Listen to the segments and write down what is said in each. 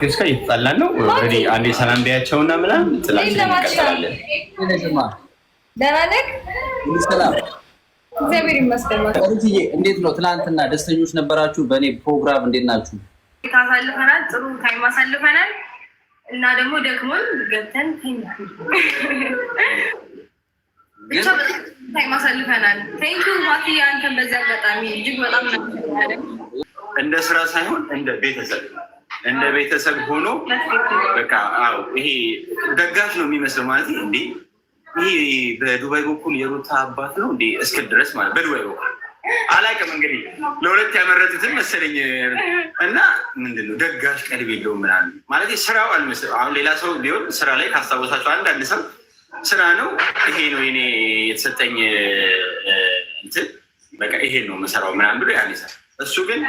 ግብጽ ጋር እየተጣላን ነው። አንዴ ሰላም ቢያቸውና ምናምን ጥላችን እንቀጥላለን። እግዚአብሔር ይመስገን። እንዴት ነው ትናንትና? ደስተኞች ነበራችሁ? በእኔ ፕሮግራም እንዴት ናችሁ? ታሳልፈናል። ጥሩ ታይም አሳልፈናል እና ደግሞ ደክሞን ገብተን ታይም አሳልፈናል። ቴንኪው ማቲ፣ አንተን በዚህ አጋጣሚ እጅግ በጣም እንደ ስራ ሳይሆን እንደ ቤተሰብ እንደ ቤተሰብ ሆኖ በቃ አዎ፣ ይሄ ደጋፊ ነው የሚመስለው ማለት ነው። እንዴ ይሄ በዱባይ በኩል የሩታ አባት ነው እንዴ እስክል ድረስ ማለት በዱባይ በኩል አላውቅም። እንግዲህ ለሁለት ያመረቱትን መሰለኝ እና ምንድን ነው ደጋፊ ቀልብ የለውም ምናምን ማለት ስራው አልመስል። አሁን ሌላ ሰው ቢሆን ስራ ላይ ካስታወሳቸው አንዳንድ ሰው ስራ ነው ይሄ ነው የኔ የተሰጠኝ እንትን በቃ ይሄን ነው መሰራው ምናምን ብሎ ያኔ ሰው እሱ ግን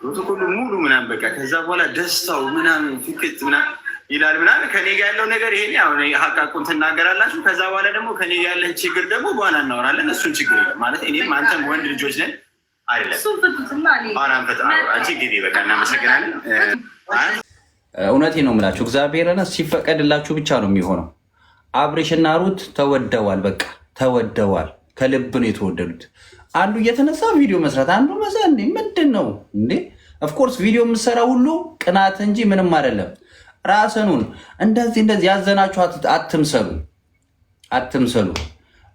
ፕሮቶኮሉ ሙሉ ምናምን በቃ ከዛ በኋላ ደስታው ምናምን ፍክት ምናምን ይላል ምናምን ከኔ ጋ ያለው ነገር ይሄ ሁን ሀቃቁን ትናገራላችሁ። ከዛ በኋላ ደግሞ ከኔ ጋ ያለን ችግር ደግሞ በኋላ እናወራለን። እሱን ችግር የለም ማለት እኔም አንተም ወንድ ልጆች ነን አይደለም። ችግር በቃ እናመሰግናለን። እውነቴ ነው የምላችሁ እግዚአብሔርን ሲፈቀድላችሁ ብቻ ነው የሚሆነው። አብሬሽና ሩት ተወደዋል፣ በቃ ተወደዋል። ከልብ ነው የተወደዱት። አንዱ እየተነሳ ቪዲዮ መስራት አንዱ መሳ ምንድን ነው እንዴ? ኦፍኮርስ ቪዲዮ የምሰራ ሁሉ ቅናት እንጂ ምንም አይደለም። ራስኑን እንደዚህ እንደዚህ ያዘናችሁ አትምሰሉ፣ አትምሰሉ።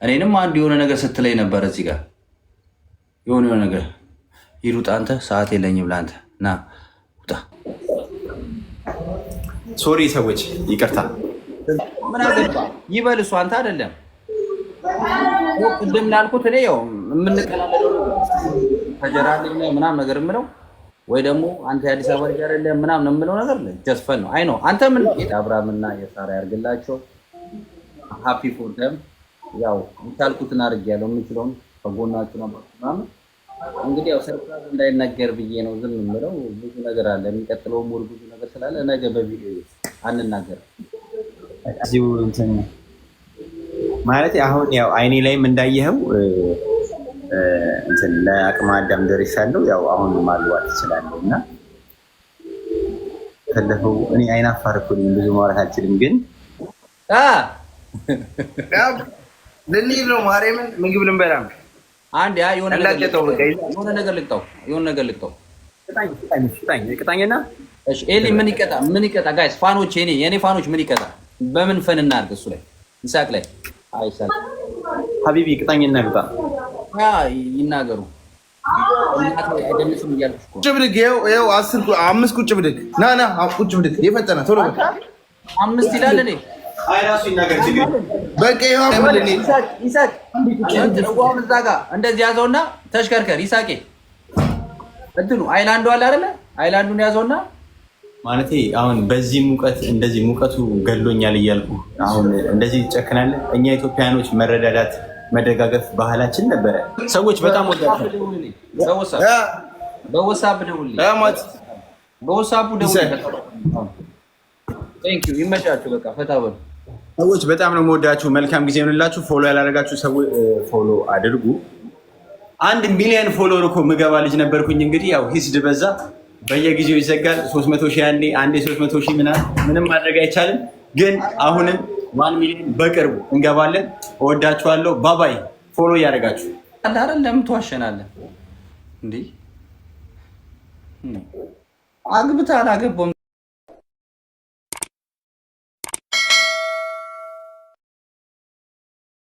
እኔንም አንዱ የሆነ ነገር ስትለይ ነበር እዚህ ጋር የሆነ የሆነ ነገር ይሉጥ አንተ ሰዓት የለኝም ብላ ና ውጣ። ሶሪ ሰዎች ይቅርታ። ምን አገባ አንተ አይደለም ቅድም ላልኩት እኔ ያው የምንቀላለደው ተጀራልኝ ምናምን ነገር የምለው ወይ ደግሞ አንተ የአዲስ አበባ ልጅ አይደለ ምናምን የምለው ነገር ጀስፈን ነው። አይ ነው አንተ ምን አብርሃምና የሳራ ያርግላቸው። ሀፒ ፎር ደም ያው የቻልኩትን አድርግ ያለው የምችለውን ከጎናችሁ ነበር ምናምን እንግዲህ ያው ሰርፕራይዝ እንዳይነገር ብዬ ነው ዝም የምለው። ብዙ ነገር አለ የሚቀጥለው ሙር ብዙ ነገር ስላለ ነገ በቪዲዮ አንናገር እዚሁ እንትን ማለት አሁን ያው አይኔ ላይም እንዳየኸው እንትን ለአቅመ አዳም ደርሻለሁ። ያው አሁን ማልዋት ትችላለሁ እና ከለፈው እኔ አይናፋር እኮ ብዙ ማውራት አልችልም። ግን ልንሄድ ነው። ማርያምን ምግብ ልንበላ ነው። አንድ የሆነ ነገር የሆነ ነገር ቅጣኝና ኤሊ ምን ይቀጣ? ምን ይቀጣ? ጋይስ ፋኖች፣ ፋኖች ምን ይቀጣ? በምን ፈን እናድርግ? እሱ ላይ ይሳቅ ላይ ሀቢቢ ቅጣኝና ይናገሩ። ቁጭ ብድግ፣ ይኸው አምስት ቁጭ ብድግ፣ ና ና ቁጭ ብድግ፣ የፈጠነ ቶሎ አምስት ይላል። እኔ እንደዚህ ያዘውና ተሽከርከር። ይሳቄ እንትኑ አይላንዱ አለ አይደለ? አይላንዱን ያዘውና ማለት አሁን በዚህ ሙቀት እንደዚህ ሙቀቱ ገድሎኛል እያልኩ አሁን እንደዚህ ትጨክናለህ? እኛ ኢትዮጵያኖች መረዳዳት መደጋገፍ ባህላችን ነበረ። ሰዎች በጣም በወሳብ ደውል ይመቻችሁ። በቃ ፈታ በሉ ሰዎች። በጣም ነው መልካም ጊዜ ይሆንላችሁ። ፎሎ ያላደረጋችሁ ፎሎ አድርጉ። አንድ ሚሊዮን ፎሎወር እኮ ምገባ ልጅ ነበርኩኝ። እንግዲህ ያው ሂስድ በዛ በየጊዜው ይዘጋል። 300 ሺህ አንዴ አንዴ 300 ሺህ ምናምን ምንም ማድረግ አይቻልም። ግን አሁንም ዋን ሚሊዮን በቅርቡ እንገባለን። እወዳችኋለሁ። ባባይ ፎሎ እያደረጋችሁ አዳር እንደምትዋሸናለን እንዲህ አግብታ አላገባም